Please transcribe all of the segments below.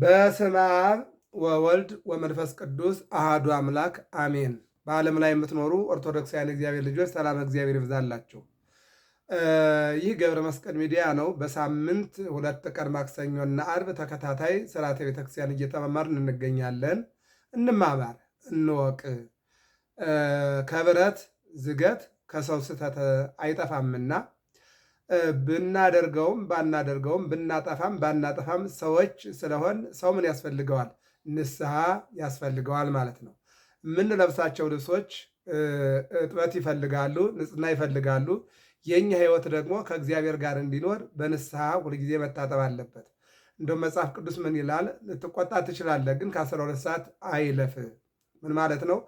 በስመ አብ ወወልድ ወመንፈስ ቅዱስ አሃዱ አምላክ አሜን። በዓለም ላይ የምትኖሩ ኦርቶዶክሳውያን እግዚአብሔር ልጆች ሰላም እግዚአብሔር ይብዛላችሁ። ይህ ገብረ መስቀል ሚዲያ ነው። በሳምንት ሁለት ቀን ማክሰኞና አርብ ተከታታይ ስርዓተ ቤተክርስቲያን እየተመማርን እንገኛለን። እንማማር፣ እንወቅ። ከብረት ዝገት ከሰው ስህተት አይጠፋምና ብናደርገውም ባናደርገውም ብናጠፋም ባናጠፋም ሰዎች ስለሆን ሰው ምን ያስፈልገዋል? ንስሐ ያስፈልገዋል ማለት ነው። የምንለብሳቸው ልብሶች እጥበት ይፈልጋሉ፣ ንጽህና ይፈልጋሉ። የእኛ ህይወት ደግሞ ከእግዚአብሔር ጋር እንዲኖር በንስሐ ሁልጊዜ መታጠብ አለበት። እንደው መጽሐፍ ቅዱስ ምን ይላል? ልትቆጣ ትችላለህ፣ ግን ከአስራ ሁለት ሰዓት አይለፍ። ምን ማለት ነው?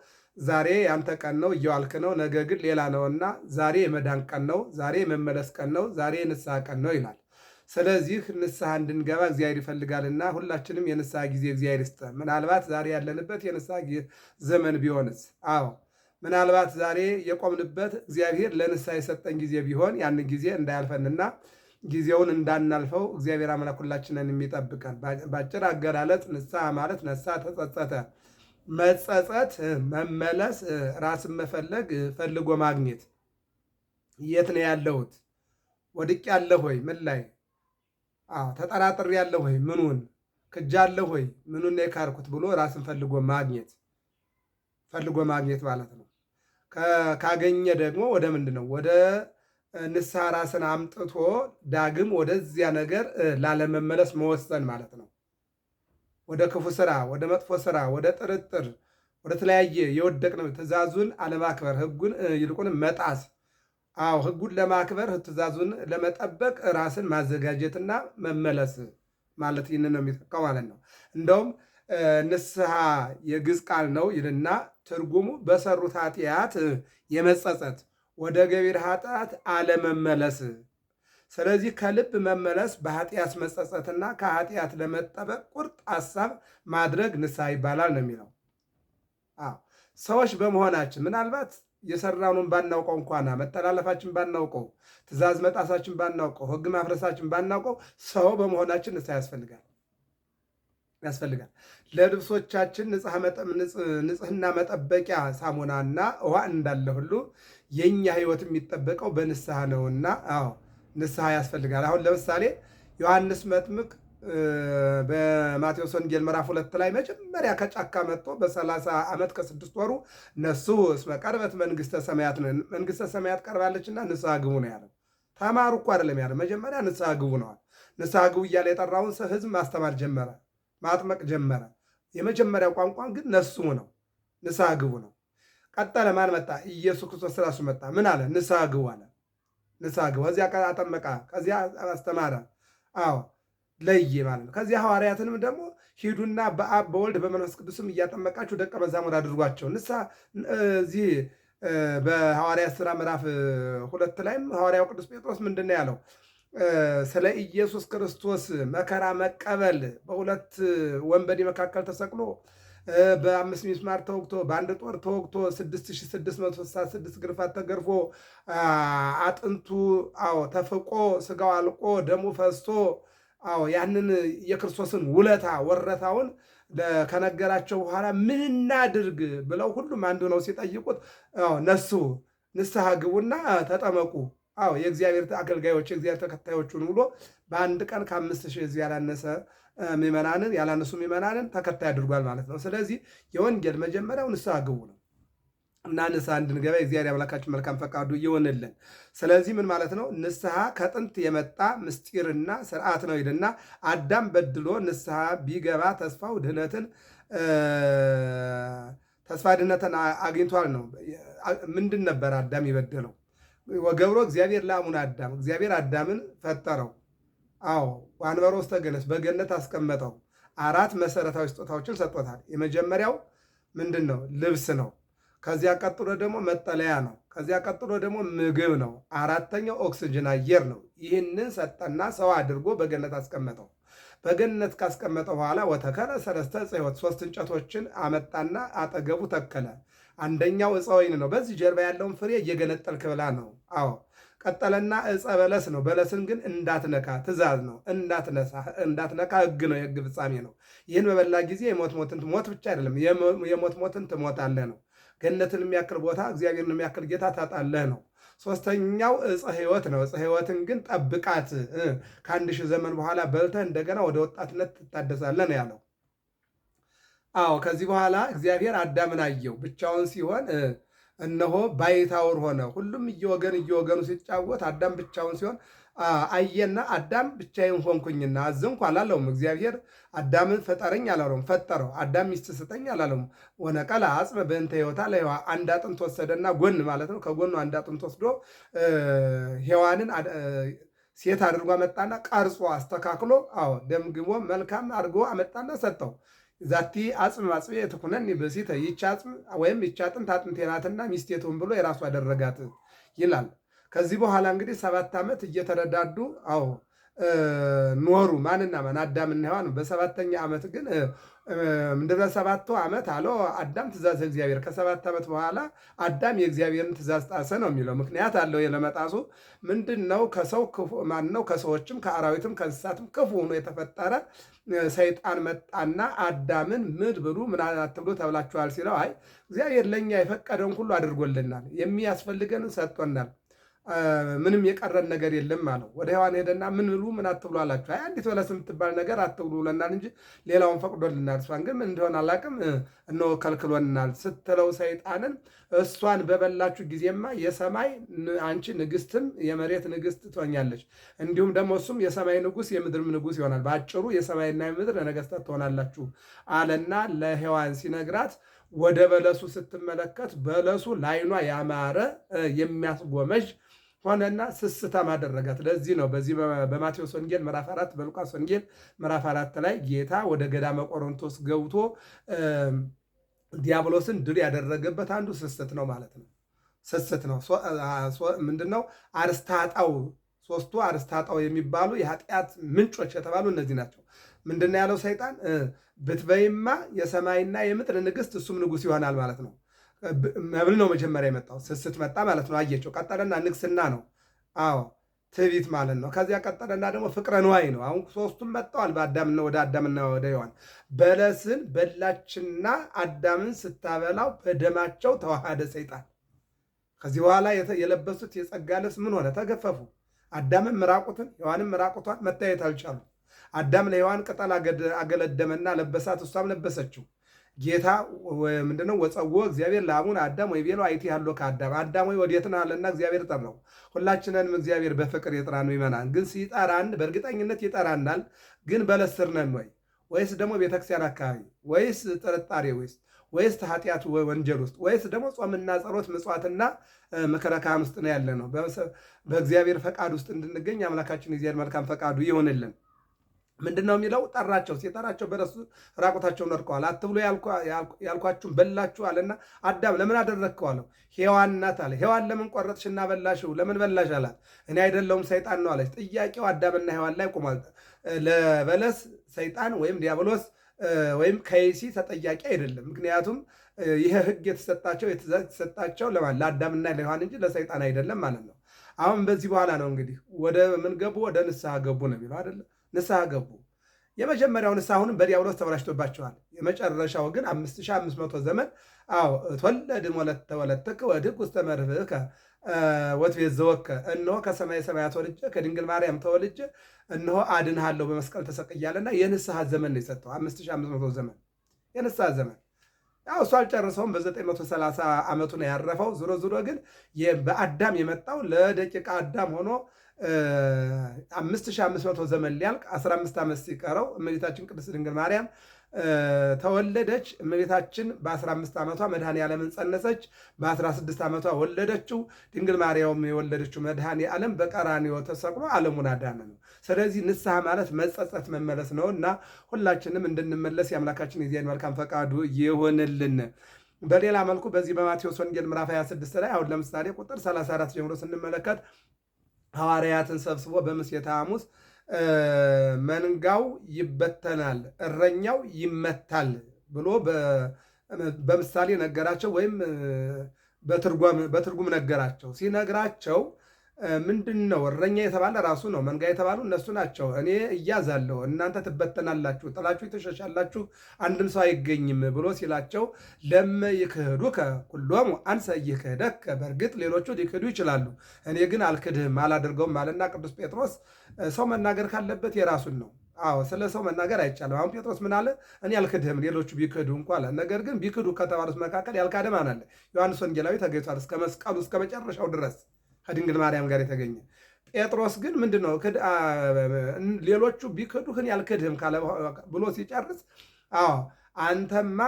ዛሬ ያንተ ቀን ነው እየዋልክ ነው፣ ነገ ግን ሌላ ነውና ዛሬ የመዳን ቀን ነው፣ ዛሬ የመመለስ ቀን ነው፣ ዛሬ የንስሐ ቀን ነው ይላል። ስለዚህ ንስሐ እንድንገባ እግዚአብሔር ይፈልጋልና ሁላችንም የንስሐ ጊዜ እግዚአብሔር ይስጠ። ምናልባት ዛሬ ያለንበት የንስሐ ዘመን ቢሆንስ? አዎ ምናልባት ዛሬ የቆምንበት እግዚአብሔር ለንስሐ የሰጠን ጊዜ ቢሆን ያን ጊዜ እንዳያልፈንና ጊዜውን እንዳናልፈው እግዚአብሔር አምላክ ሁላችንን የሚጠብቀን። በአጭር አገላለጽ ንስሐ ማለት ነሳ ተጸጸተ መጸጸት፣ መመለስ፣ ራስን መፈለግ፣ ፈልጎ ማግኘት። የት ነው ያለሁት? ወድቅ ያለሁ ወይ? ምን ላይ ተጠራጥሬ ያለሁ ወይ? ምኑን ክጃለሁ ወይ? ምኑን ነው የካርኩት ብሎ ራስን ፈልጎ ማግኘት ፈልጎ ማግኘት ማለት ነው። ካገኘ ደግሞ ወደ ምንድን ነው ወደ ንስሐ ራስን አምጥቶ ዳግም ወደዚያ ነገር ላለመመለስ መወሰን ማለት ነው። ወደ ክፉ ስራ፣ ወደ መጥፎ ስራ፣ ወደ ጥርጥር፣ ወደ ተለያየ የወደቅነው ትእዛዙን አለማክበር፣ ህጉን ይልቁን መጣስ። አዎ ህጉን ለማክበር ትእዛዙን ለመጠበቅ ራስን ማዘጋጀትና መመለስ ማለት ይህን ነው የሚጠቀው ማለት ነው። እንደውም ንስሐ የግዕዝ ቃል ነው ይልና ትርጉሙ በሰሩት ኃጢአት የመጸጸት ወደ ገቢር ኃጢአት አለመመለስ ስለዚህ ከልብ መመለስ በኃጢአት መጸጸትና ከኃጢአት ለመጠበቅ ቁርጥ ሀሳብ ማድረግ ንስሐ ይባላል ነው የሚለው። ሰዎች በመሆናችን ምናልባት የሰራኑን ባናውቀው እንኳና መጠላለፋችን ባናውቀው፣ ትእዛዝ መጣሳችን ባናውቀው፣ ሕግ ማፍረሳችን ባናውቀው ሰው በመሆናችን ንስሐ ያስፈልጋል ያስፈልጋል። ለልብሶቻችን ንጽህና መጠበቂያ ሳሙናና ውሃ እንዳለ ሁሉ የእኛ ህይወት የሚጠበቀው በንስሐ ነውና አዎ ንስሐ ያስፈልጋል። አሁን ለምሳሌ ዮሐንስ መጥምቅ በማቴዎስ ወንጌል ምዕራፍ ሁለት ላይ መጀመሪያ ከጫካ መጥቶ በሰላሳ ዓመት ከስድስት ወሩ ነሱ እስመ ቀርበት መንግስተ ሰማያት መንግስተ ሰማያት ቀርባለችና ንስሐ ግቡ ነው ያለው። ተማሩ እኮ አይደለም ያለ መጀመሪያ ንስሐ ግቡ ነዋል። ንስሐ ግቡ እያለ የጠራውን ህዝብ ማስተማር ጀመረ፣ ማጥመቅ ጀመረ። የመጀመሪያው ቋንቋ ግን ነሱ ነው፣ ንስሐ ግቡ ነው። ቀጠለ። ማን መጣ? ኢየሱስ ክርስቶስ ራሱ መጣ። ምን አለ? ንስሐ ግቡ አለ። ንስሐ ገባ። ከዚያ አጠመቃ፣ ከዚያ አስተማረ። አዎ ለየ ማለት ነው። ከዚያ ሐዋርያትንም ደግሞ ሂዱና በአብ በወልድ በመንፈስ ቅዱስም እያጠመቃችሁ ደቀ መዛሙር አድርጓቸው። ንስሐ እዚህ በሐዋርያት ሥራ ምዕራፍ ሁለት ላይም ሐዋርያው ቅዱስ ጴጥሮስ ምንድን ነው ያለው? ስለ ኢየሱስ ክርስቶስ መከራ መቀበል በሁለት ወንበዴ መካከል ተሰቅሎ በአምስት ሚስማር ተወግቶ በአንድ ጦር ተወግቶ 6666 ግርፋት ተገርፎ አጥንቱ አዎ ተፍቆ ስጋው አልቆ ደሙ ፈስቶ አዎ ያንን የክርስቶስን ውለታ ወረታውን ከነገራቸው በኋላ ምን እናድርግ ብለው ሁሉም አንዱ ነው ሲጠይቁት፣ ነስሑ ንስሐ ግቡና ተጠመቁ አዎ የእግዚአብሔር አገልጋዮች የእግዚአብሔር ተከታዮቹን ብሎ በአንድ ቀን ከአምስት ሺህ ሕዝብ ያላነሰ ምዕመናንን ያላነሱ ምዕመናንን ተከታይ አድርጓል ማለት ነው። ስለዚህ የወንጌል መጀመሪያው ንስሐ ግቡ ነው እና ንስሐ እንድንገባ የእግዚአብሔር አምላካችን መልካም ፈቃዱ ይሆንልን። ስለዚህ ምን ማለት ነው? ንስሐ ከጥንት የመጣ ምስጢርና ስርዓት ነው ይልና አዳም በድሎ ንስሐ ቢገባ ተስፋው ድህነትን ተስፋ ድህነትን አግኝቷል ነው። ምንድን ነበር አዳም ይበደለው? ወገብሮ እግዚአብሔር ለአሙን አዳም እግዚአብሔር አዳምን ፈጠረው አዎ አንበሮ ውስተ ገነት በገነት አስቀመጠው። አራት መሰረታዊ ስጦታዎችን ሰጥቶታል። የመጀመሪያው ምንድን ነው? ልብስ ነው። ከዚያ ቀጥሎ ደግሞ መጠለያ ነው። ከዚያ ቀጥሎ ደግሞ ምግብ ነው። አራተኛው ኦክስጅን አየር ነው። ይህንን ሰጠና ሰው አድርጎ በገነት አስቀመጠው። በገነት ካስቀመጠው በኋላ ወተከለ ሰለስተ ዕፀ ሕይወት ሶስት እንጨቶችን አመጣና አጠገቡ ተከለ። አንደኛው ዕፀ ወይን ነው። በዚህ ጀርባ ያለውን ፍሬ እየገነጠልክ ብላ ነው። አዎ ቀጠለና እፀ በለስ ነው። በለስን ግን እንዳትነካ ትእዛዝ ነው፣ እንዳትነካ ህግ ነው፣ የህግ ፍጻሜ ነው። ይህን በበላ ጊዜ የሞት ሞትን ሞት ብቻ አይደለም የሞት ሞትን ትሞታለህ ነው። ገነትን የሚያክል ቦታ እግዚአብሔርን የሚያክል ጌታ ታጣለህ ነው። ሶስተኛው እፀ ህይወት ነው። እፀ ህይወትን ግን ጠብቃት፣ ከአንድ ሺህ ዘመን በኋላ በልተህ እንደገና ወደ ወጣትነት ትታደሳለህ ነው ያለው። አዎ ከዚህ በኋላ እግዚአብሔር አዳምን አየው ብቻውን ሲሆን እነሆ ባይታውር ሆነ። ሁሉም እየወገን እየወገኑ ሲጫወት አዳም ብቻውን ሲሆን አየና አዳም ብቻዬን ሆንኩኝና አዘንኩ አላለውም። እግዚአብሔር አዳምን ፈጠረኝ አላለውም፣ ፈጠረው። አዳም ሚስት ስጠኝ አላለውም። ቀላ አጽበ በእንተ ህይወታ ለሔዋ አንድ አጥንት ወሰደና ጎን ማለት ነው። ከጎኑ አንድ አጥንት ወስዶ ሔዋንን ሴት አድርጎ አመጣና ቀርጾ አስተካክሎ አዎ ደምግቦ መልካም አድርጎ አመጣና ሰጠው። ዛቲ አጽም አጽቤ ትኩነን በሲተ ይቻ አጽም ወይም ይቻ አጥንት አጥንቴ ናትና ሚስቴቱን ብሎ የራሱ አደረጋት ይላል። ከዚህ በኋላ እንግዲህ ሰባት ዓመት እየተረዳዱ አዎ ኖሩ። ማንና ማን? አዳምና ሔዋን። በሰባተኛ ዓመት ግን እምድኅበ ሰባቶ ዓመት አለው አዳም ትእዛዘ እግዚአብሔር። ከሰባት ዓመት በኋላ አዳም የእግዚአብሔርን ትእዛዝ ጣሰ ነው የሚለው። ምክንያት አለው ለመጣሱ። ምንድን ነው? ከሰው ማነው? ከሰዎችም ከአራዊትም ከእንስሳትም ክፉ ሆኖ የተፈጠረ ሰይጣን መጣና አዳምን ምን ብሉ ምን አትብሉ ተብላችኋል ሲለው፣ አይ እግዚአብሔር ለእኛ የፈቀደውን ሁሉ አድርጎልናል፣ የሚያስፈልገንን ሰጥቶናል ምንም የቀረን ነገር የለም አለው። ወደ ሔዋን ሄደና ምን ብሉ ምን አትብሉ አላቸው። አይ አንዲት በለስ የምትባል ነገር አትብሉ ብለናል እንጂ ሌላውን ፈቅዶልናል፣ እሷን ግን ምን እንደሆነ አላቅም እነሆ ከልክሎናል ስትለው ሰይጣንን እሷን በበላችሁ ጊዜማ የሰማይ አንቺ ንግስትም የመሬት ንግስት ትሆኛለች፣ እንዲሁም ደግሞ እሱም የሰማይ ንጉስ የምድርም ንጉስ ይሆናል። በአጭሩ የሰማይና የምድር ነገስታት ትሆናላችሁ አለና ለሔዋን ሲነግራት ወደ በለሱ ስትመለከት በለሱ ላይኗ ያማረ የሚያስጎመዥ ሆነና ስስታም አደረጋት። ለዚህ ነው በዚህ በማቴዎስ ወንጌል ምዕራፍ አራት በሉቃስ ወንጌል ምዕራፍ አራት ላይ ጌታ ወደ ገዳመ ቆሮንቶስ ገብቶ ዲያብሎስን ድል ያደረገበት አንዱ ስስት ነው ማለት ነው። ስስት ነው ምንድነው? አርስታጣው ሶስቱ አርስታጣው የሚባሉ የኃጢአት ምንጮች የተባሉ እነዚህ ናቸው። ምንድን ያለው ሰይጣን? ብትበይማ የሰማይና የምድር ንግስት እሱም ንጉስ ይሆናል ማለት ነው መብል ነው መጀመሪያ የመጣው ስስት መጣ ማለት ነው። አየችው። ቀጠለና ንግስና ነው። አዎ ትዕቢት ማለት ነው። ከዚያ ቀጠለና ደግሞ ፍቅረ ንዋይ ነው። አሁን ሶስቱም መጥተዋል። በአዳምና ወደ አዳምና ወደ ሔዋን በለስን በላችና አዳምን ስታበላው በደማቸው ተዋሃደ ሰይጣን። ከዚህ በኋላ የለበሱት የጸጋ ልብስ ምን ሆነ? ተገፈፉ። አዳምን ምራቁትን፣ ሔዋንም ምራቁቷን መታየት አልቻሉ። አዳም ለሔዋን ቅጠል አገለደመና ለበሳት፣ እሷም ለበሰችው። ጌታ ምንድነው? ወፀዎ እግዚአብሔር ለአቡነ አዳም ወይ ቤሎ አይቲ ያለው ከአዳም አዳም ወይ ወዴትን አለና እግዚአብሔር ጠራው። ሁላችንንም እግዚአብሔር በፍቅር የጠራን ነው ይመናል። ግን ሲጠራን በእርግጠኝነት ይጠራናል። ግን በለስር ነን ወይ ወይስ ደግሞ ቤተክርስቲያን አካባቢ ወይስ ጥርጣሬ ወይስ ወይስ ኃጢአት ወንጀል ውስጥ ወይስ ደግሞ ጾምና ጸሎት ምጽዋትና መከረካም ውስጥ ነው ያለ ነው። በእግዚአብሔር ፈቃድ ውስጥ እንድንገኝ አምላካችን እግዚአብሔር መልካም ፈቃዱ ይሆንልን። ምንድን ነው የሚለው? ጠራቸው። ሲጠራቸው በረሱ ራቁታቸውን ወድቀዋል። አትብሎ ያልኳችሁን በላችሁ አለና አዳም ለምን አደረግከው አለው። ሔዋን ናት አለ። ሔዋን ለምን ቆረጥሽና በላሽው? ለምን በላሽ አላት። እኔ አይደለውም ሰይጣን ነው አለች። ጥያቄው አዳምና ሔዋን ላይ ቆሟል። ለበለስ ሰይጣን ወይም ዲያብሎስ ወይም ከይሲ ተጠያቂ አይደለም። ምክንያቱም ይህ ህግ የተሰጣቸው የትእዛዝ የተሰጣቸው ለማን ለአዳምና ለሔዋን እንጂ ለሰይጣን አይደለም ማለት ነው። አሁን በዚህ በኋላ ነው እንግዲህ ወደ ምን ገቡ? ወደ ንስሐ ገቡ ነው የሚለው አይደለም ንስሐ ገቡ። የመጀመሪያው ንስሐ አሁንም በዲያብሎስ ተበላሽቶባቸዋል። የመጨረሻው ግን 5500 ዘመን አዎ ትወለድም ወለተወለድተከ ወድቅ ውስተ መርብከ ወትቤት ዘወከ እነሆ ከሰማይ ሰማያት ወልጄ ከድንግል ማርያም ተወልጄ እነሆ አድንሃለሁ በመስቀል ተሰቅያለና የንስሐ ዘመን ነው የሰጠው 5500 ዘመን የንስሐ ዘመን ያው እሱ አልጨርሰውም። በ930 ዓመቱ ነው ያረፈው። ዞሮ ዞሮ ግን በአዳም የመጣው ለደቂቃ አዳም ሆኖ አምስት ሺህ አምስት መቶ ዘመን ሊያልቅ አስራ አምስት ዓመት ሲቀረው እመቤታችን ቅድስት ድንግል ማርያም ተወለደች። እመቤታችን በ15 ዓመቷ መድኃኔ ዓለምን ጸነሰች። በ16 ዓመቷ ወለደችው። ድንግል ማርያም የወለደችው መድኃኔ ዓለም በቀራንዮ ተሰቅሎ ዓለሙን አዳነ ነው። ስለዚህ ንስሐ ማለት መጸጸት፣ መመለስ ነው እና ሁላችንም እንድንመለስ የአምላካችን የዚያን መልካም ፈቃዱ ይሆንልን። በሌላ መልኩ በዚህ በማቴዎስ ወንጌል ምዕራፍ 26 ላይ አሁን ለምሳሌ ቁጥር 34 ጀምሮ ስንመለከት ሐዋርያትን ሰብስቦ በምሴተ ሐሙስ መንጋው ይበተናል፣ እረኛው ይመታል ብሎ በምሳሌ ነገራቸው ወይም በትርጉም ነገራቸው ሲነግራቸው ምንድን ነው እረኛ የተባለ ራሱ ነው። መንጋ የተባሉ እነሱ ናቸው። እኔ እያዛለሁ፣ እናንተ ትበተናላችሁ፣ ጥላችሁ ትሸሻላችሁ፣ አንድም ሰው አይገኝም ብሎ ሲላቸው ለም ይክህዱ ኩሎሙ አንሰ ይክህደከ፣ በእርግጥ ሌሎቹ ሊክህዱ ይችላሉ፣ እኔ ግን አልክድህም አላደርገውም አለና ቅዱስ ጴጥሮስ ሰው መናገር ካለበት የራሱን ነው። አዎ ስለ ሰው መናገር አይቻልም። አሁን ጴጥሮስ ምን አለ? እኔ አልክድህም ሌሎቹ ቢክዱ እንኳ አለ። ነገር ግን ቢክዱ ከተባሉት መካከል ያልካደ አለ? ዮሐንስ ወንጌላዊ ተገኝቷል። እስከ መስቀሉ እስከ መጨረሻው ድረስ ከድንግል ማርያም ጋር የተገኘ ጴጥሮስ ግን ምንድን ነው ሌሎቹ ቢክዱህ ያልክድህም አልክድህም ብሎ ሲጨርስ፣ አዎ አንተማ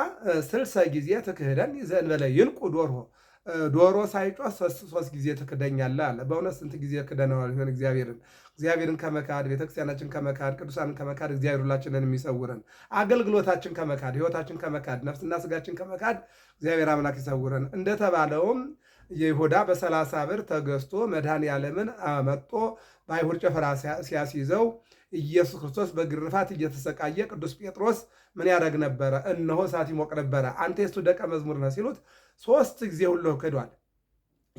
ስልሰ ጊዜ ትክህደን ይዘን በለ ይልቁ ዶሮ ዶሮ ሳይጮህ ሶስት ጊዜ ትክደኛለህ አለ። በእውነት ስንት ጊዜ ክደነዋል ሆን እግዚአብሔርን እግዚአብሔርን ከመካድ ቤተክርስቲያናችን ከመካድ ቅዱሳንን ከመካድ እግዚአብሔር ሁላችንን የሚሰውረን፣ አገልግሎታችን ከመካድ ህይወታችን ከመካድ ነፍስና ስጋችን ከመካድ እግዚአብሔር አምላክ ይሰውረን። እንደተባለውም ይሁዳ በሰላሳ ብር ተገዝቶ መድኃኔ ዓለምን መጥቶ በአይሁድ ጭፈራ ሲያስይዘው ኢየሱስ ክርስቶስ በግርፋት እየተሰቃየ ቅዱስ ጴጥሮስ ምን ያደረግ ነበረ? እነሆ እሳት ይሞቅ ነበረ። አንተ የሱ ደቀ መዝሙር ነህ ሲሉት ሶስት ጊዜ ሁሉ ክዷል።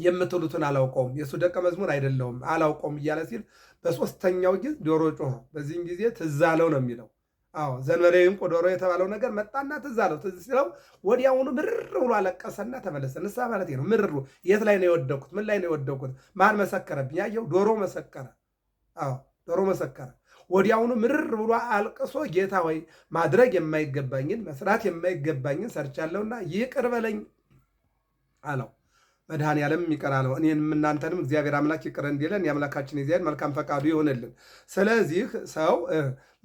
የምትሉትን አላውቀውም፣ የእሱ ደቀ መዝሙር አይደለውም፣ አላውቀውም እያለ ሲል በሶስተኛው ጊዜ ዶሮ ጮኸ። በዚህም ጊዜ ትዝ አለው ነው የሚለው አዎ ዘንበሬ ወይም ቆዶሮ የተባለው ነገር መጣና ትዝ አለው። ትዝ ሲለው ወዲያውኑ ምርር ብሎ አለቀሰና ተመለሰ። ንሳ ማለት ነው። ምርሩ የት ላይ ነው የወደቁት? ምን ላይ ነው የወደቁት? ማን መሰከረብኝ? ያየው ዶሮ መሰከረ። አዎ ዶሮ መሰከረ። ወዲያውኑ ምርር ብሎ አልቅሶ ጌታ ወይ ማድረግ የማይገባኝን መስራት የማይገባኝን ሰርቻለሁና ይቅር በለኝ አለው። መድኃኔ ዓለም ይቀራል። እኔንም እናንተንም እግዚአብሔር አምላክ ይቅር እንዲለን የአምላካችን እግዚአብሔር መልካም ፈቃዱ ይሆንልን። ስለዚህ ሰው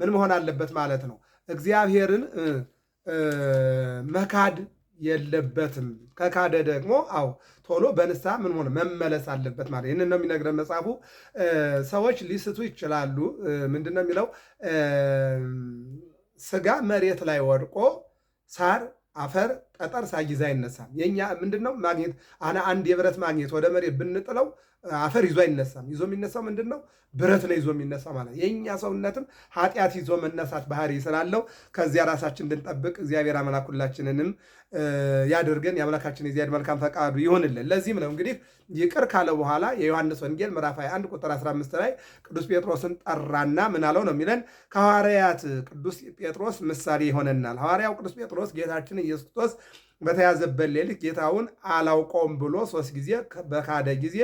ምን መሆን አለበት ማለት ነው? እግዚአብሔርን መካድ የለበትም። ከካደ ደግሞ አዎ ቶሎ በንስሐ ምን ሆነ መመለስ አለበት ማለት ይህንን ነው የሚነግረን መጽሐፉ። ሰዎች ሊስቱ ይችላሉ። ምንድን ነው የሚለው? ስጋ መሬት ላይ ወድቆ ሳር አፈር ጠጠር ሳይዝ አይነሳም። የእኛ ምንድን ነው ማግኘት አነ አንድ የብረት ማግኘት ወደ መሬት ብንጥለው አፈር ይዞ አይነሳም። ይዞ የሚነሳው ምንድን ነው? ብረት ነው ይዞ የሚነሳው ማለት የእኛ ሰውነትም ኃጢአት ይዞ መነሳት ባህሪ ስላለው ከዚያ ራሳችን እንድንጠብቅ እግዚአብሔር አመላኩላችንንም ያድርገን። የአምላካችን የዚያድ መልካም ፈቃዱ ይሆንልን። ለዚህም ነው እንግዲህ ይቅር ካለ በኋላ የዮሐንስ ወንጌል ምዕራፍ 21 ቁጥር 15 ላይ ቅዱስ ጴጥሮስን ጠራና ምናለው ነው የሚለን ከሐዋርያት ቅዱስ ጴጥሮስ ምሳሌ ይሆነናል። ሐዋርያው ቅዱስ ጴጥሮስ ጌታችን ኢየሱስ ክርስቶስ በተያዘበት ሌሊት ጌታውን አላውቀውም ብሎ ሶስት ጊዜ በካደ ጊዜ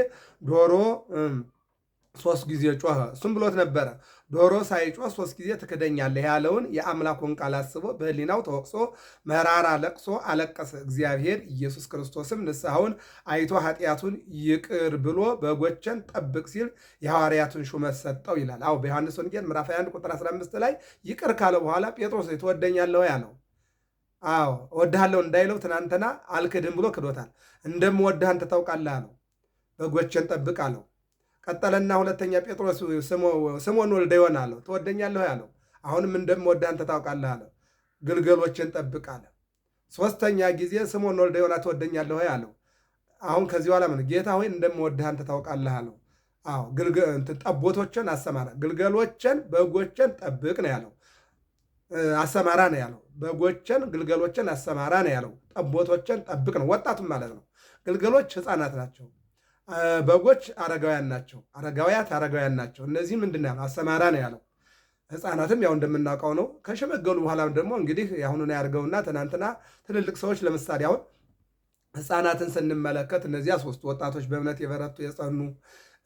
ዶሮ ሶስት ጊዜ ጮኸ። እሱም ብሎት ነበረ ዶሮ ሳይጮህ ሶስት ጊዜ ትክደኛለህ ያለውን የአምላኩን ቃል አስቦ በህሊናው ተወቅሶ መራራ ለቅሶ አለቀሰ። እግዚአብሔር ኢየሱስ ክርስቶስም ንስሐውን አይቶ ኃጢአቱን ይቅር ብሎ በጎችን ጠብቅ ሲል የሐዋርያቱን ሹመት ሰጠው ይላል። አዎ በዮሐንስ ወንጌል ምዕራፍ 21 ቁጥር 15 ላይ ይቅር ካለ በኋላ ጴጥሮስ ትወደኛለህ ያለው አዎ እወድሃለሁ እንዳይለው ትናንትና አልክድም ብሎ ክዶታል። እንደምወድህ አንተ ታውቃለህ አለው። በጎቼን ጠብቅ አለው። ቀጠለና ሁለተኛ ጴጥሮስ ስሞን ወልደ ይሆን አለው። ትወደኛለህ አለው። አሁንም እንደምወድህ አንተ ታውቃለህ አለው። ግልገሎችን ጠብቅ አለ። ሶስተኛ ጊዜ ስሞን ወልደ ይሆና ትወደኛለህ አለው። አሁን ከዚህ በኋላ ምን ጌታ ሆይ እንደምወድህ አንተ ታውቃለህ አለው። አዎ ጠቦቶችን አሰማራ፣ ግልገሎችን በጎችን ጠብቅ ነው ያለው። አሰማራ ነው ያለው። በጎችን ግልገሎችን አሰማራ ነው ያለው። ጠቦቶችን ጠብቅ ነው፣ ወጣቱም ማለት ነው። ግልገሎች ህፃናት ናቸው። በጎች አረጋውያን ናቸው። አረጋውያት አረጋውያን ናቸው። እነዚህ ምንድን ያለው አሰማራ ነው ያለው። ህፃናትም ያው እንደምናውቀው ነው። ከሸመገሉ በኋላ ደግሞ እንግዲህ የአሁኑን ያድርገውና ትናንትና ትልልቅ ሰዎች ለምሳሌ አሁን ህፃናትን ስንመለከት እነዚያ ሶስቱ ወጣቶች በእምነት የበረቱ የጸኑ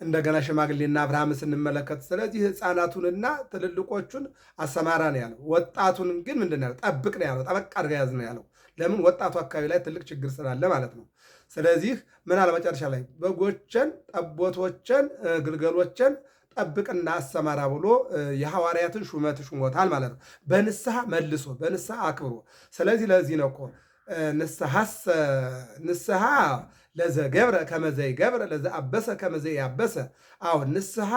እንደገና ሽማግሌና አብርሃም ስንመለከት፣ ስለዚህ ህፃናቱንና ትልልቆቹን አሰማራ ነው ያለው። ወጣቱን ግን ምንድን ያለው ጠብቅ ነው ያለው። ጠበቅ አድርጋ ያዝ ነው ያለው። ለምን ወጣቱ አካባቢ ላይ ትልቅ ችግር ስላለ ማለት ነው። ስለዚህ ምን አለ መጨረሻ ላይ በጎችን፣ ጠቦቶችን፣ ግልገሎችን ጠብቅና አሰማራ ብሎ የሐዋርያትን ሹመት ሹሞታል ማለት ነው። በንስሐ መልሶ በንስሐ አክብሮ። ስለዚህ ለዚህ ነው እኮ ንስሐ ገብረ ከመዘይ ገብረ ለዘ አበሰ ከመዘይ ያበሰ። አዎ ንስሐ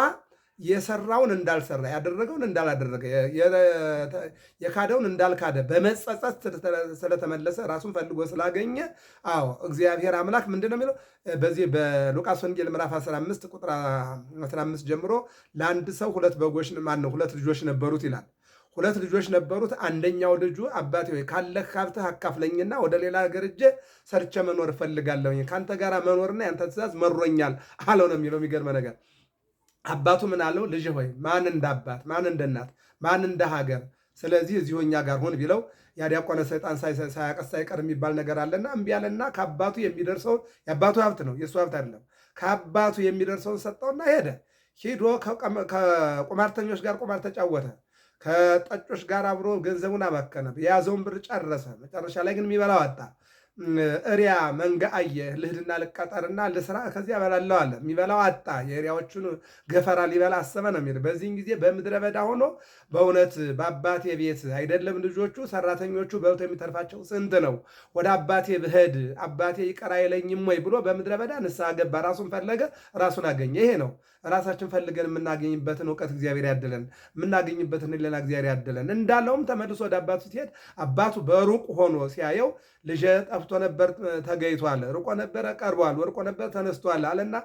የሰራውን እንዳልሰራ ያደረገውን እንዳላደረገ የካደውን እንዳልካደ በመጸጸት ስለተመለሰ ራሱን ፈልጎ ስላገኘ፣ አዎ እግዚአብሔር አምላክ ምንድን ነው የሚለው? በዚህ በሉቃስ ወንጌል ምዕራፍ 15 ቁጥር 15 ጀምሮ ለአንድ ሰው ሁለት በጎች ማነው ሁለት ልጆች ነበሩት ይላል። ሁለት ልጆች ነበሩት። አንደኛው ልጁ አባቴ ሆይ ካለህ ሀብትህ አካፍለኝና ወደ ሌላ ሀገር እጄ ሰርቼ መኖር እፈልጋለሁኝ ከአንተ ጋር መኖርና ያንተ ትእዛዝ መሮኛል አለው ነው የሚለው። የሚገርመ ነገር አባቱ ምን አለው? ልጅ ሆይ ማን እንደ አባት ማን እንደ እናት ማን እንደ ሀገር ስለዚህ እዚሁ እኛ ጋር ሁን ቢለው ያ ሰይጣን ሳያቀስ ሳይቀር የሚባል ነገር አለና እምቢ አለና ከአባቱ የሚደርሰው የአባቱ ሀብት ነው የእሱ ሀብት አይደለም። ከአባቱ የሚደርሰውን ሰጠውና ሄደ። ሂዶ ከቁማርተኞች ጋር ቁማር ተጫወተ። ከጠጮች ጋር አብሮ ገንዘቡን አባከነ። የያዘውን ብር ጨረሰ። መጨረሻ ላይ ግን የሚበላ አጣ። እሪያ መንገ አየ። ልሂድና ልቀጠርና ልስራ ከዚያ እበላለሁ አለ። የሚበላው አጣ። የእሪያዎቹን ገፈራ ሊበላ አሰበ ነው የሚል። በዚህን ጊዜ በምድረ በዳ ሆኖ በእውነት በአባቴ ቤት አይደለም ልጆቹ ሰራተኞቹ በልቶ የሚተርፋቸው ስንት ነው? ወደ አባቴ ብሄድ አባቴ ይቅር አይለኝም ወይ ብሎ በምድረ በዳ ንስሐ ገባ። ራሱን ፈለገ፣ ራሱን አገኘ። ይሄ ነው ራሳችን ፈልገን የምናገኝበትን እውቀት እግዚአብሔር ያደለን፣ የምናገኝበትን ሌላ እግዚአብሔር ያደለን። እንዳለውም ተመልሶ ወደ አባቱ ሲሄድ አባቱ በሩቅ ሆኖ ሲያየው ልጅ ጠፍቶ ነበር ተገይቷል ርቆ ነበረ ቀርቧል፣ ወርቆ ነበር ተነስቷል አለና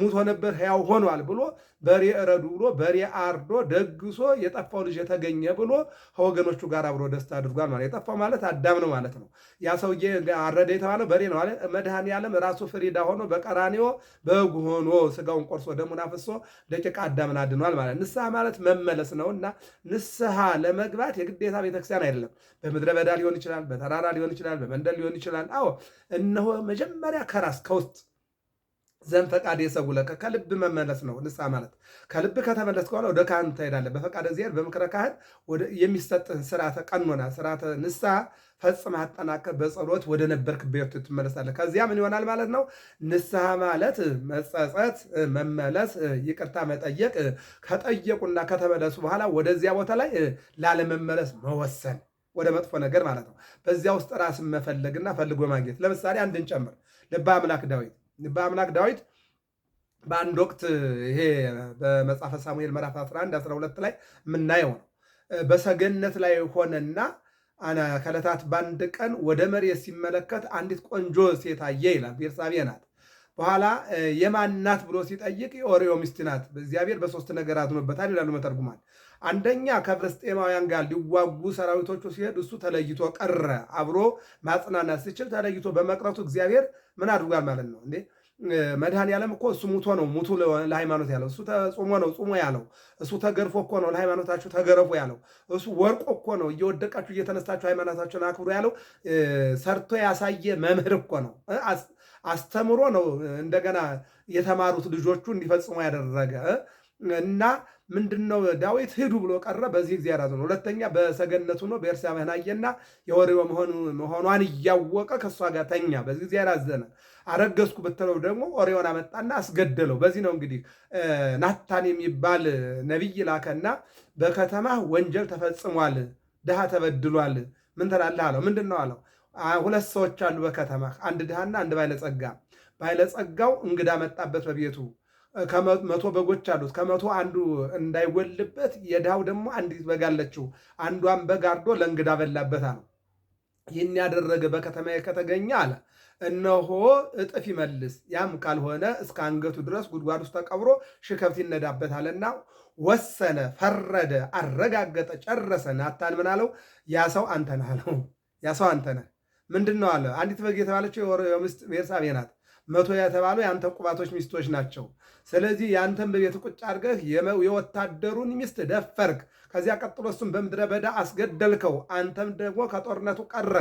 ሙቶ ነበር ሕያው ሆኗል ብሎ በሬ እረዱ ብሎ በሬ አርዶ ደግሶ የጠፋው ልጅ የተገኘ ብሎ ከወገኖቹ ጋር አብሮ ደስታ አድርጓል። ማለት የጠፋው ማለት አዳም ነው ማለት ነው። ያ ሰውዬ አረደ የተባለው በሬ ነው። መድኃኔ ዓለም ራሱ ፍሪዳ ሆኖ በቀራኒዎ በግ ሆኖ ስጋውን ቆርሶ ደሙን ተመልሶ ደቂቀ አዳምን አድኗል ማለት ንስሐ ማለት መመለስ ነው እና ንስሐ ለመግባት የግዴታ ቤተክርስቲያን አይደለም። በምድረ በዳ ሊሆን ይችላል፣ በተራራ ሊሆን ይችላል፣ በመንደር ሊሆን ይችላል። አዎ እነሆ መጀመሪያ ከራስ ከውስጥ ዘን ፈቃድ የሰጉለከ ከልብ መመለስ ነው ንስሐ ማለት። ከልብ ከተመለስ ከኋላ ወደ ካህን ትሄዳለህ። በፈቃደ እግዚአብሔር በምክረ ካህን የሚሰጥህን ስርዓተ ቀኖና ስርዓተ ንስሐ ፈጽመ አጠናከህ በጸሎት ወደ ነበርክበት ትመለሳለህ። ከዚያ ምን ይሆናል ማለት ነው? ንስሐ ማለት መጸጸት፣ መመለስ፣ ይቅርታ መጠየቅ፣ ከጠየቁና ከተመለሱ በኋላ ወደዚያ ቦታ ላይ ላለመመለስ መወሰን ወደ መጥፎ ነገር ማለት ነው። በዚያ ውስጥ ራስን መፈለግና ፈልጎ ማግኘት። ለምሳሌ አንድን ጨምር። ልበ አምላክ ዳዊት ልበ አምላክ ዳዊት በአንድ ወቅት ይሄ በመጽሐፈ ሳሙኤል ምዕራፍ 11 12 ላይ የምናየው ነው። በሰገነት ላይ ሆነና ከዕለታት በአንድ ቀን ወደ መሬት ሲመለከት አንዲት ቆንጆ ሴት አየ ይላል። ቤርሳቤ ናት። በኋላ የማናት ብሎ ሲጠይቅ የኦሪዮ ሚስት ናት። እግዚአብሔር በሶስት ነገር አዝኖበታል ይላሉ መተርጉማን። አንደኛ ከፍልስጤማውያን ጋር ሊዋጉ ሰራዊቶቹ ሲሄድ እሱ ተለይቶ ቀረ። አብሮ ማጽናናት ሲችል ተለይቶ በመቅረቱ እግዚአብሔር ምን አድርጓል ማለት ነው እንዴ? መድኃኔ ዓለም እኮ እሱ ሙቶ ነው ሙቱ ለሃይማኖት ያለው እሱ ተጾሞ ነው ጾሞ ያለው እሱ ተገርፎ እኮ ነው ለሃይማኖታችሁ ተገረፉ ያለው እሱ ወርቆ እኮ ነው እየወደቃችሁ እየተነስታችሁ ሃይማኖታችሁን አክብሩ ያለው። ሰርቶ ያሳየ መምህር እኮ ነው አስተምሮ ነው እንደገና የተማሩት ልጆቹ እንዲፈጽሙ ያደረገ እና ምንድን ነው ዳዊት ሂዱ ብሎ ቀረ። በዚህ ጊዜ ያራዘ ነው። ሁለተኛ በሰገነቱ ነው በኤርሳቤህን አየና የወሬው መሆኗን እያወቀ ከእሷ ጋር ተኛ። በዚህ ጊዜ ያራዘነ አረገዝኩ ብትለው ደግሞ ኦሪዮን አመጣና አስገደለው። በዚህ ነው እንግዲህ ናታን የሚባል ነቢይ ላከና በከተማ ወንጀል ተፈጽሟል፣ ድሃ ተበድሏል፣ ምን ትላለህ አለው። ምንድን ነው አለው። ሁለት ሰዎች አሉ በከተማ አንድ ድሃና አንድ ባይለጸጋ። ባይለጸጋው እንግዳ መጣበት በቤቱ ከመቶ በጎች አሉት። ከመቶ አንዱ እንዳይወልበት የድሃው ደግሞ አንዲት በግ አለችው። አንዷን በግ አርዶ ለእንግዳ በላበት አለው። ይህን ያደረገ በከተማ ከተገኘ አለ እነሆ እጥፍ ይመልስ። ያም ካልሆነ እስከ አንገቱ ድረስ ጉድጓድ ውስጥ ተቀብሮ ሽከብት ይነዳበታልና ወሰነ፣ ፈረደ፣ አረጋገጠ፣ ጨረሰ። ናታን ምን አለው? ያ ሰው አንተ ነህ አለው። ያ ሰው አንተ ነህ ምንድን ነው አለ። አንዲት በግ የተባለችው የምስጥ ቤርሳቤ ናት። መቶ የተባሉ የአንተ ቁባቶች ሚስቶች ናቸው። ስለዚህ ያንተን በቤት ቁጭ አድርገህ የወታደሩን ሚስት ደፈርክ። ከዚያ ቀጥሎ እሱም በምድረ በዳ አስገደልከው። አንተም ደግሞ ከጦርነቱ ቀረ።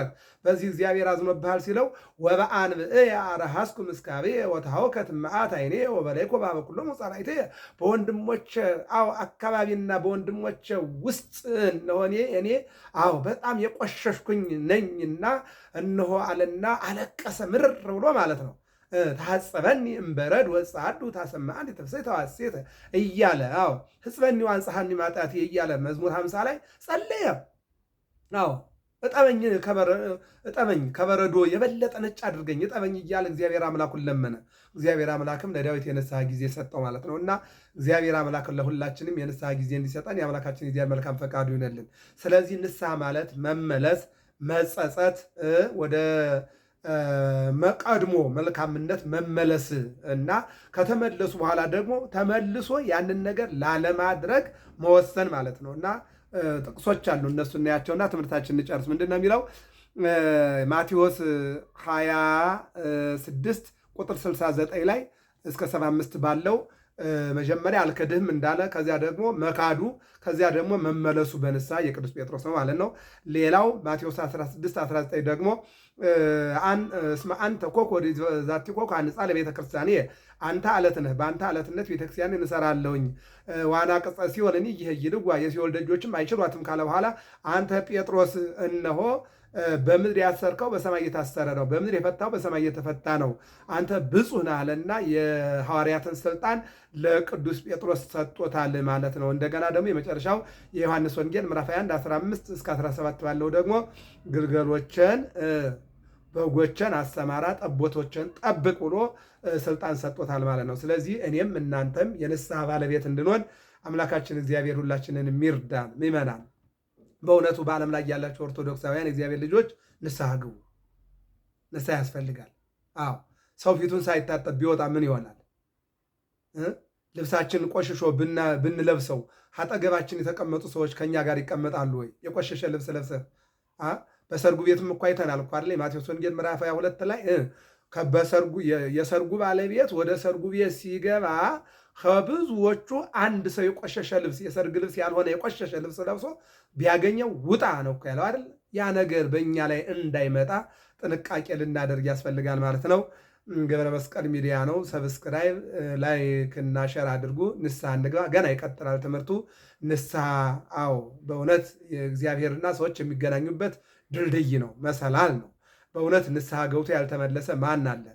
በዚህ እግዚአብሔር አዝኖብሃል ሲለው ወበአን ብእ የአረሃስኩ ምስካቤ ወታሃው ከትመአት አይኔ ወበላይኮ ባበኩሎ መጻናይቴ በወንድሞች አዎ አካባቢና በወንድሞች ውስጥ እነሆኔ እኔ አዎ በጣም የቆሸሽኩኝ ነኝና እነሆ አለና አለቀሰ። ምርር ብሎ ማለት ነው። ታጸበኒ እምበረድ ወጻዱ ታሰማዓን ተፍሰይ ተዋሴተ እያለ አዎ ህጽበኒ ዋንጽሐኒ ማጣት እያለ መዝሙር ሀምሳ ላይ ጸለየ። አዎ እጠበኝ ከበረዶ የበለጠ ነጭ አድርገኝ እጠበኝ እያለ እግዚአብሔር አምላኩን ለመነ። እግዚአብሔር አምላክም ለዳዊት የንስሐ ጊዜ ሰጠው ማለት ነው። እና እግዚአብሔር አምላክን ለሁላችንም የንስሐ ጊዜ እንዲሰጠን የአምላካችን እግዚአብሔር መልካም ፈቃዱ ይሆንልን። ስለዚህ ንስሐ ማለት መመለስ፣ መጸጸት ወደ መቀድሞ መልካምነት መመለስ እና ከተመለሱ በኋላ ደግሞ ተመልሶ ያንን ነገር ላለማድረግ መወሰን ማለት ነው እና ጥቅሶች አሉ እነሱ እናያቸውና ትምህርታችን እንጨርስ። ምንድን ነው የሚለው? ማቴዎስ 26 ቁጥር 69 ላይ እስከ 75 ባለው መጀመሪያ አልክድህም እንዳለ ከዚያ ደግሞ መካዱ ከዚያ ደግሞ መመለሱ በንሳ የቅዱስ ጴጥሮስ ነው ማለት ነው። ሌላው ማቴዎስ 16 19 ደግሞ እስመ አንተ ኮኮ ዛቲ ኮኮ አንጻ ለቤተ ክርስቲያኔ አንተ አለት ነህ፣ በአንተ አለትነት ቤተክርስቲያን እንሰራለውኝ። ዋና ቅጸ ሲኦል እኔ ይሄ ይልዋ የሲኦል ደጆችም አይችሏትም ካለ በኋላ አንተ ጴጥሮስ እነሆ በምድር ያሰርከው በሰማይ እየታሰረ ነው፣ በምድር የፈታው በሰማይ እየተፈታ ነው። አንተ ብፁህ ነህ አለና የሐዋርያትን ስልጣን ለቅዱስ ጴጥሮስ ሰጥቶታል ማለት ነው። እንደገና ደግሞ የመጨረሻው የዮሐንስ ወንጌል ምዕራፍ 21 15 እስከ 17 ባለው ደግሞ ግልገሎችን በጎችን አሰማራ ጠቦቶችን ጠብቅ ብሎ ስልጣን ሰጥቶታል ማለት ነው። ስለዚህ እኔም እናንተም የንስሐ ባለቤት እንድንሆን አምላካችን እግዚአብሔር ሁላችንን የሚርዳን ይመናል። በእውነቱ በዓለም ላይ ያላቸው ኦርቶዶክሳውያን እግዚአብሔር ልጆች ንስሐ ግቡ። ንስሐ ያስፈልጋል። አዎ ሰው ፊቱን ሳይታጠብ ቢወጣ ምን ይሆናል? ልብሳችን ቆሽሾ ብንለብሰው አጠገባችን የተቀመጡ ሰዎች ከኛ ጋር ይቀመጣሉ ወይ? የቆሸሸ ልብስ ለብሰህ በሰርጉ ቤትም እኮ አይተናል እኮ አይደል? ማቴዎስ ወንጌል ምዕራፍ 22 ላይ የሰርጉ ባለቤት ወደ ሰርጉ ቤት ሲገባ ከብዙዎቹ አንድ ሰው የቆሸሸ ልብስ የሰርግ ልብስ ያልሆነ የቆሸሸ ልብስ ለብሶ ቢያገኘው ውጣ ነው እኮ ያለው አይደል? ያ ነገር በእኛ ላይ እንዳይመጣ ጥንቃቄ ልናደርግ ያስፈልጋል ማለት ነው። ገብረ መስቀል ሚዲያ ነው። ሰብስክራይብ፣ ላይክ እና ሸር አድርጉ። ንስሐ እንግባ። ገና ይቀጥላል ትምህርቱ። ንስሐ አዎ፣ በእውነት እግዚአብሔርና ሰዎች የሚገናኙበት ድልድይ ነው፣ መሰላል ነው። በእውነት ንስሐ ገብቶ ያልተመለሰ ማን አለ?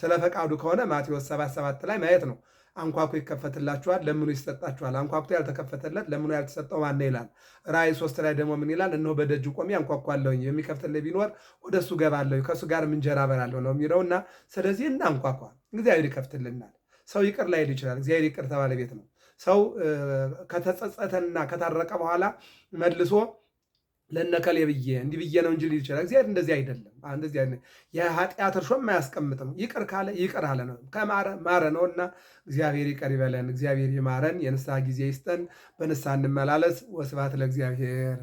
ስለ ፈቃዱ ከሆነ ማቴዎስ 77 ላይ ማየት ነው። አንኳኩ ይከፈትላችኋል፣ ለምኑ ይሰጣችኋል። አንኳኩቶ ያልተከፈተለት ለምኑ ያልተሰጠው ማን ይላል። ራእይ ሶስት ላይ ደግሞ ምን ይላል? እነሆ በደጅ ቆሜ አንኳኳለሁኝ፣ የሚከፍትልኝ ቢኖር ወደ እሱ ገባለሁ፣ ከእሱ ጋር እንጀራ እበላለሁ ነው እና ስለዚህ እናንኳኳ፣ እግዚአብሔር ይከፍትልናል። ሰው ይቅር ላይል ይችላል። እግዚአብሔር ይቅርታ ባለቤት ነው። ሰው ከተጸጸተና ከታረቀ በኋላ መልሶ ለነከሌ ብዬ እንዲህ ብዬ ነው እንጂ ሊል ይችላል። እግዚአብሔር እንደዚህ አይደለም። እንደዚህ አይደለም። የኃጢአት የማያስቀምጥ ነው። ይቅር ካለ ይቅር አለ ነው። ከማረ ማረ ነው እና እግዚአብሔር ይቅር ይበለን። እግዚአብሔር ይማረን። የንስሐ ጊዜ ይስጠን። በንስሐ እንመላለስ። ወስብሐት ለእግዚአብሔር።